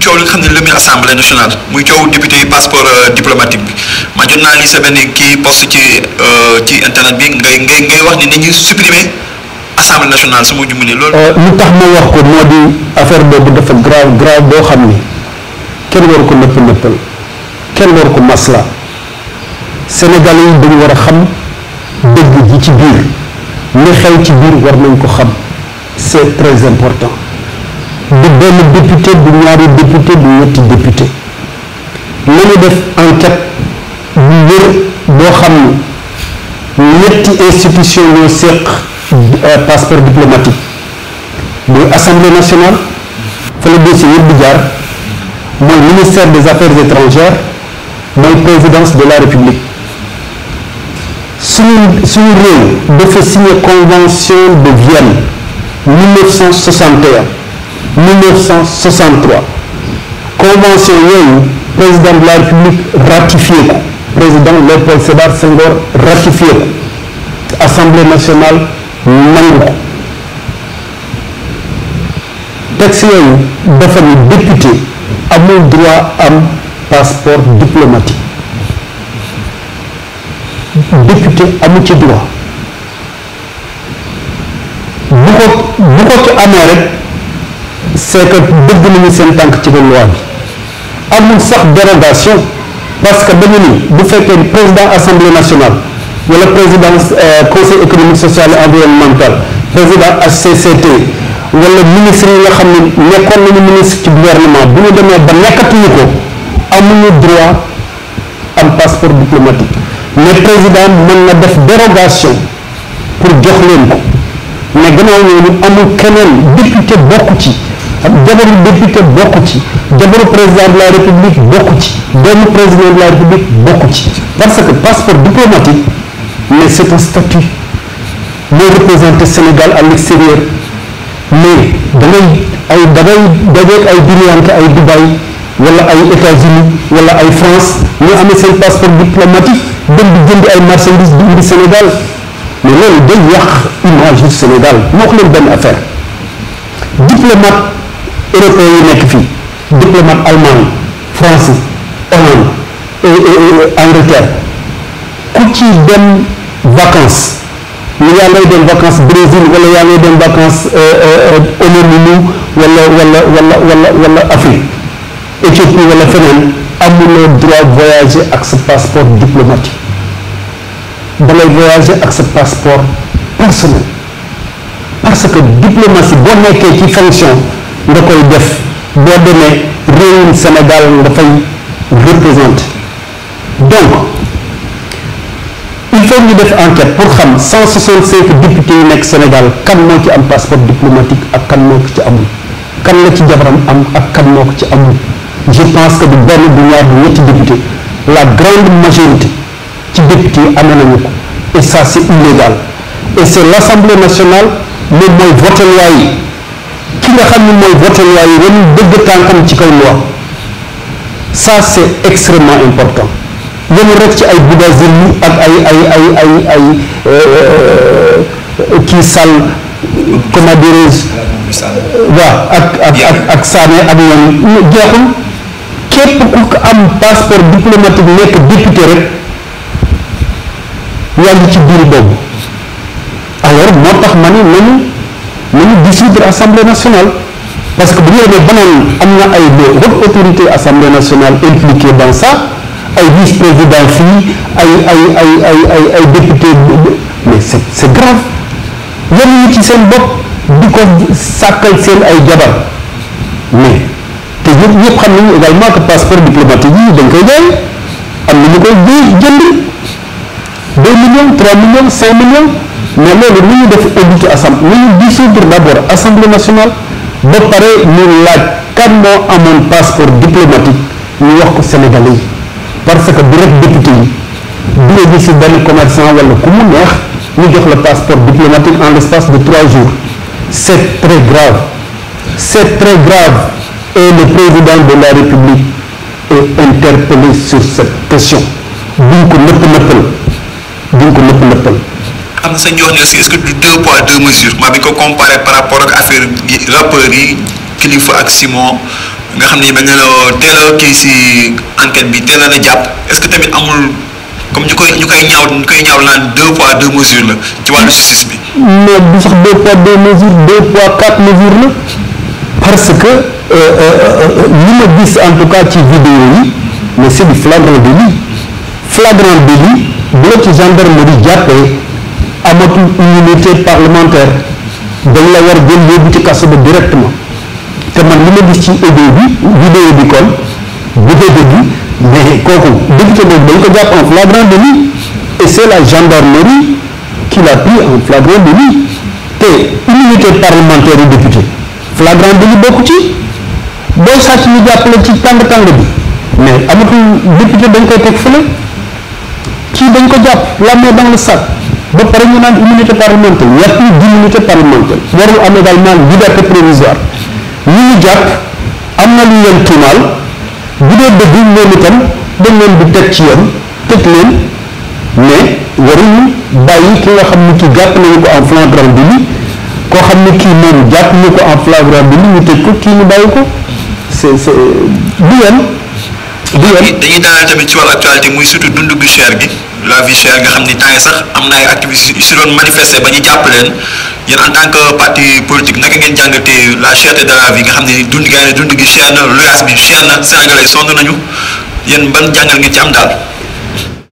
coow li nga xam ne lëmbi assemblée nationale muy coow député yi passeport euh, diplomatique bi man jot naa lii sa benn kii post euh, ci internet bi ngay ngay ngay wax ni nañu supprimer assemblée nationale su ma jumulee loolu. Euh, tax ma wax ko moo di affaire boobu dafa grave grave boo xam ni kenn waru ko nëpp nëppal kenn waru ko masla Sénégalais yi dañu war a xam dëgg ji ci biir li xew ci biir war nañ ko xam c'est très important. de députés député du ñaari député du ñetti député la ñu def enquête bu wër boo xam ñetti institution ñoo séq euh, passeport diplomatique de l'Assemblée nationale fa le dossier yëpp di ministère des affaires étrangères la présidence de la république suñu de faire signer la convention de Vienne 1961 1963 convention président de la république ratifié président Léopold Sédar Senghor ratifié assemblée nationale nangu Décision texte député à droit passeport diplomatique député a droit Nous c'est que dëgg nañu seen tànk ci biir loi bi amul sax dérogation parce que dañu vous faites le président assemblée nationale le président euh, conseil économique social et environnemental président HCCT le ministre de l'économie, ou le ministre ci gouvernement bu ñu demee ba nekkatuñu ko amuñu droit am passeport diplomatique mais président mën na def dérogation pour jox leen mais gannaaw ñooñu amul député beaucoup. ci jabaru député ci président de la république bokku ci doomu président de la république parce que passeport diplomatique mais c'est un statut mooy représenter Sénégal à l'extérieur, mais da ay à Dubaï wala wala France ñu amee seen passeport diplomatique dem jënd ay marchandises di Sénégal mais image du Sénégal moo leen affaire diplomate européens yi nekk fii diplomate allemand français Hollande Angleterre qui ci dem vacances ni yaa ngay dem vacances Brésil wala yaa ngay dem vacances euh, euh, euh, ou wala wala wala wala wala Afrique Éthiopie wala feneen le droit voyager avec ce passeport diplomatique da ngay voyager avec ce passeport personnel parce que diplomatie boo nekkee qui fonctionne, nga koy def boo demee réewum Sénégal nga fay donc il faut ñu def enquête pour xam 165 députés yi nekk Sénégal kan moo ci am passeport diplomatique ak kan moo ko ci amul kan la ci jabaram am ak kan ci je pense que du benn du ñaar du député la grande majorité ci députés yi et ça c'est illégal et c'est l'Assemblée nationale le mooy voté loi yi nga xamni moy mooy voté loi yi wan dëgg tànkam ci kaw loi ça c'est extrêmement important yemul rek ci ay Bougazeli yi ak ay ay ay ay ay euh, kii sal comment dirais wa ak ak ak ak Sané ak ñoom jeexul képp ku am passeport diplomatique nek député rek yaa ci biir boobu alors motax tax ma nañu nous de l'Assemblée nationale parce que nous avons assemblée nationale impliquées dans ça ay vice président ay député mais c'est grave bon, ça mais vous ne également passeport diplomatique donc 2 millions 3 millions 5 millions mais le ni ñu def audit assemblée ni ñu dissoudre nationale ba pare ñu laaj kan mon passeport diplomatique ñu wax ko sénégalais parce que du rek député yi du la gis benn commerçant wala ku passeport diplomatique en l'espace de trois jours C'est très grave C'est très grave et le président de la république est interpellé sur cette question duñ ko nëpp nëppal duñ ko nëpp nëppal sànq sa ñu wax ne aussi est-ce que du deux poids deux mesures maa bi ko comparé par rapport ak affaire yi rappeurs yi kilifa ak Simon nga xam ne dañ la teel a kii si enquête bi teel a jàpp est-ce que tamit amul comme ñu koy ñu koy ñaaw ñu koy ñaaw naan deux poids deux mesures la ci wàllu justice bi. mais du sax deux poids deux mesures deux poids quatre mesures la parce que euh, euh, euh, li ma gis en tout cas ci vidéo yi mais c'est du flagrant délit flagrant délit bu la ci gendarmerie jàppee. amatul immunité parlementaire dañ la war jël yóbbu ci kaso ba directement te man li ma gis ci audio bi vidéo bi kon bu dee dëgg mais kooku député boobu dañ ko jàpp en flagrant délit et c'est la gendarmerie qui l'a pris en flagrant délit te immunité parlementaire yu député flagrant délit bokku ci boo sàcc ñu jàppale ci tàng tàng bi mais amatul député dañ koy teg fële kii dañ ko jàpp la main dans le sac ba pare ñu naan immunité parlementaire y a plus d'immunité parlementaire warul am également liberté provisoire ñu ñu jàpp am na lu leen tuumaal bu dee dëgg ñoom itam dañ leen bu teg ci yoon teg leen mais mu bàyyi ki nga xam ni kii jàpp nañu ko en flagrant délit koo xam ne kii moom jàpp ñu ko en flagrant délit ñu tëj ko kii ñu bàyyi ko se c'est du yoon du dañuy daaneel tamit ci wàllu actualité muy surtout dundu gu cher gi la vie nga xam ni temps sax am na ay activistes yu si doon manifester ba ñu jàpp leen yéen en tant que parti politique naka ngeen jàngatee la cherté de la vie nga xam ni dund gi dund gi cher na loyer bi cher na sénégalais sonn nañu yéen ba jàngal ngeen ci am daal.